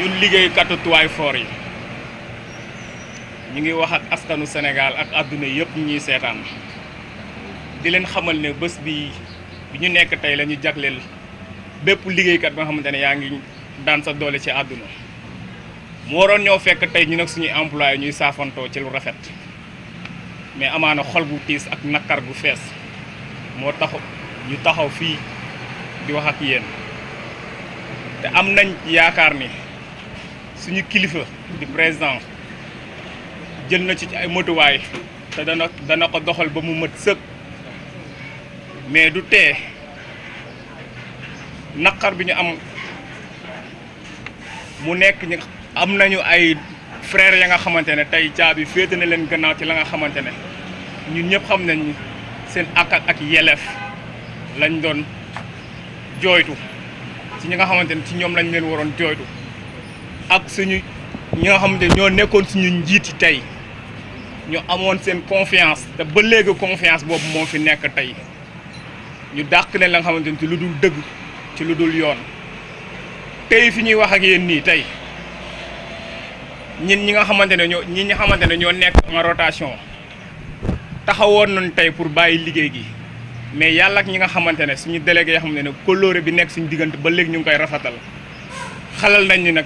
ñun liggéeykatu tuwaay foor yi ñu ngi wax ak askanu Sénégal ak àdduna yëpp ñuy seetaan di leen xamal ne bés bi ñu nekk tey la ñu jagleel bépp liggéeykat ba xamante ne yaa ngi daan sa doole ci àdduna mu waroon ñoo fekk tey ñu nag suñuy employé ñuy saafantoo ci lu rafet mais amaana xol gu tiis ak nakar gu fees moo tax ñu taxaw fii di wax ak yéen te am nañ yaakaar ni suñu kilifa di président jël na ci ay matuwaay te dana dana ko doxal ba mu mat sëkk mais du tee naqar bi ñu am mu nekk ñu am nañu ay frère ya nga xamante ne tey caabi féete na leen gannaaw ci la nga xamante ne ñun ñëpp xam nañ seen ak ak yelef lañ doon jooytu ci ñi nga xamante ne ci ñoom lañ leen waroon jooytu ak suñu ñoo xamante ñoo nekkoon suñu njiit yi tey ñu amoon seen confiance te ba léegi confiance boobu moo fi nekk tey ñu dàq ne la nga xamante ni ci lu dul dëgg ci lu dul yoon tey fi ñuy wax ak yéen nii tey ñin ñi nga xamante ne ñoo ñi xamante ne ñoo nekk en rotation taxawoon nañ tey pour bàyyi liggéey gi mais yàlla ak ñi nga xamante ne suñu délégué yoo xam ne ne coloré bi nekk suñu diggante ba léegi ñu ngi koy rafetal xalal nañ ni ne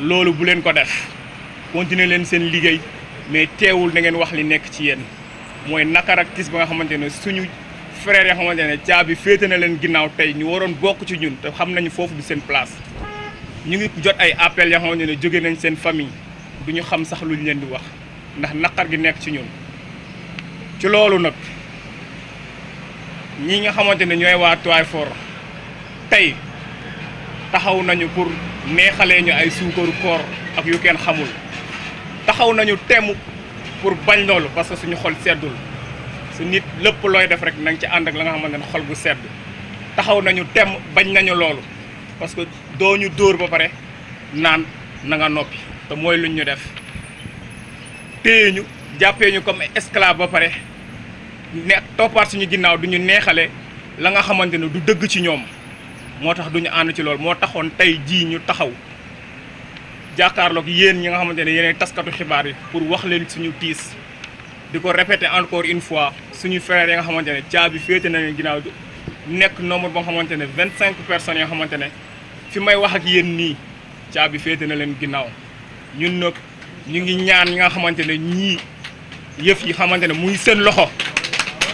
loolu bu len ko def continuer len sen liguey mais teewul na ngeen wax li nek ci yeen moy nakar ak tis ba nga xamantene suñu frère yoo xamantene ne caabi na len ginnaw tay ñu waron bok ci ñun te xam nañu fofu du sen place ñu ngi jot ay appel yoo xamantene ne nañ sen famille duñu xam sax luñu len di wax ndax nakar gi nek ci ñun ci loolu nak ñi nga xamantene ñoy wa toy for tay taxaw nañu pour neexalee ñu ay suukaru koor ak yu kenn xamul taxaw nañu temm pour bañ loolu parce que suñu xol seddul su nit lépp looy def rek nañ ci ànd ak la nga xamante ne xol gu sedd taxaw nañu temm bañ nañu loolu parce que doo ñu dóor ba pare naan na nga noppi te mooy luñ ñu def téye ñu jàppee ñu comme esclave ba pare ne toppaat suñu ginnaaw du ñu neexale la nga xamante ne du dëgg ci ñoom moo tax du duñu ànd ci loolu moo taxoon tey jii ñu taxaw jàkkaarloog yéen ñi nga xamante ne yéenay taskatu xibaar yi pour wax leen suñu tiis di ko répéter encore une fois suñu frères yi nga xamante ne caabi féete na nañu ginnaaw nekk nombre ba nga xamante ne vingt cinq personnes yi nga xamante ne fi may wax ak yéen nii caabi féete na leen ginnaaw ñun nag ñu ngi ñaan ñi nga xamante ne ñii yëf yi xamante ne muy seen loxo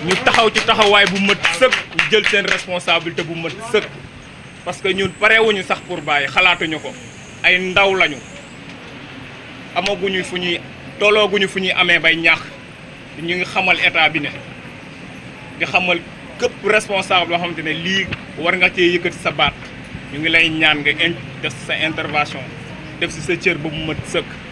ñu taxaw ci taxawaay bu mët sëkk jël seen responsabilité bu mët sëkk parce que ñun parewuñu sax pour bàyyi xalaatuñu ko ay ndaw lañu amaguñu fuñu tologuñu fuñu amé bay ñaax ñu ngi xamal état bi ne di xamal képp responsable boo xamante li war nga ci yëkëti sa baat ñu ngi lay ñaan nga def sa intervention def ci sa cër bu mu mat sëkk.